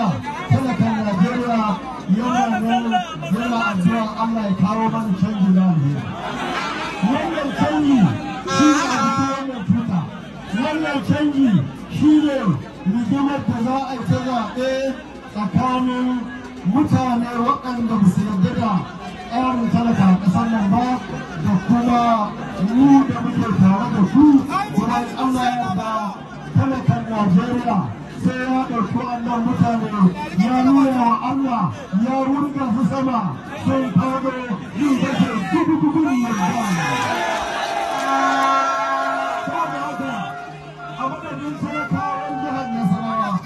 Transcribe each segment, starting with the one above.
haka talakan Najeriya yana nan yana zuwa Allah ya kawo mana canji na alheri. Wannan canji shi ne a wannan tuta. Wannan canji shi ne rigimar da za a yi ta zaɓe tsakanin mutane waɗanda ba su yarda da tsarin talaka a ƙasar nan ba da kuma mu da muke tare da su. Kuma Allah ya talakan Najeriya sai ya ɗauki annan mutane ya nuna wa Allah ya wurga su sama sun kago yin bashi dubu dubu ne a madadin talakawan jihar Nasarawa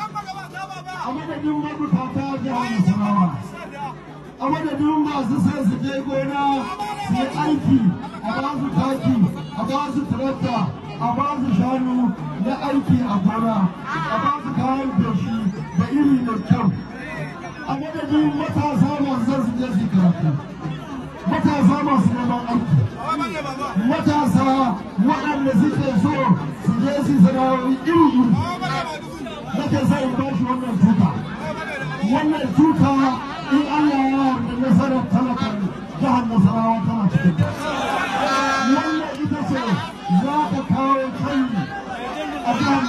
a madadin mabukata jihar Nasarawa a madadin masu sai su je gona su yi aiki a ba su taki a ba su tarakta a ba su shanu na aiki a gona a ba su kayan feshi da iri mai kyau a madadin matasa masu zan su je su karatu matasa masu neman aiki matasa waɗanda suke so su je su sana'o'i iri iri nake sa in ba shi wannan tuta wannan tuta in Allah ya yarda nasarar talaka jihar Nasarawa tana cikin za ku kawo canji a jihar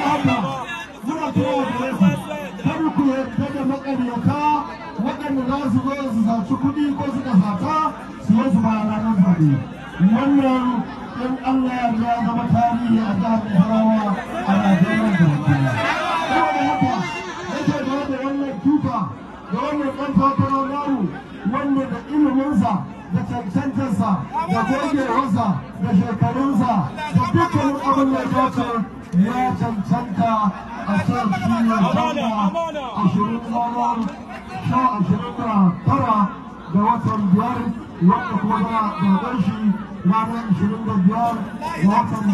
Nasarawa. Saboda haka muna kira da yasa kar ku yarda da makaryata waɗanda za su zo su zaci kuɗi ko su kasata su yi su bayan ranar zaɓe. Wannan in Allah ya zama tarihi a jihar Nasarawa cancansa da gogewarsa da shekarunsa da dukkanin abin da ya ce ya cancanta a sa shi ashirin ranar sha ashirin da tara da watan biyar wanda kuma za a zaɓar ranar ashirin da biyar da watan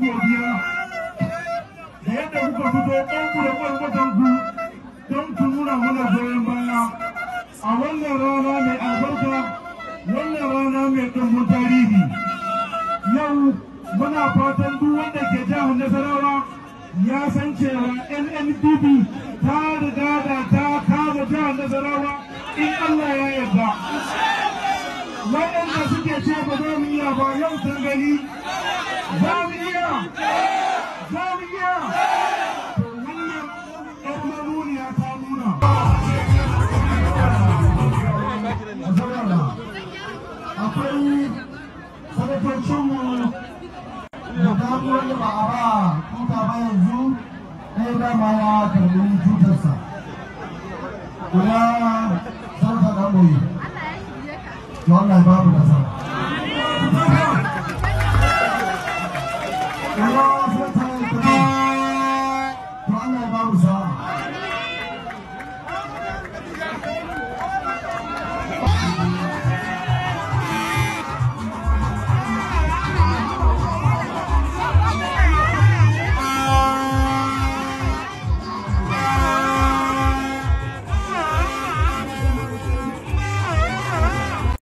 neman godiya da yadda kuka fito ɗanku da ƙwarƙwatanku don ku nuna goyon baya a wannan rana mai albarka wannan rana mai ɗumbin tarihi yau muna fatan duk wanda ke jihar nasarawa ya san cewa nnpp ta riga da ta kama jihar nasarawa in allah ya yarda waɗanda suke ce ba za mu iya yau sun gani ai dama a karbi tutarsa guda to Allah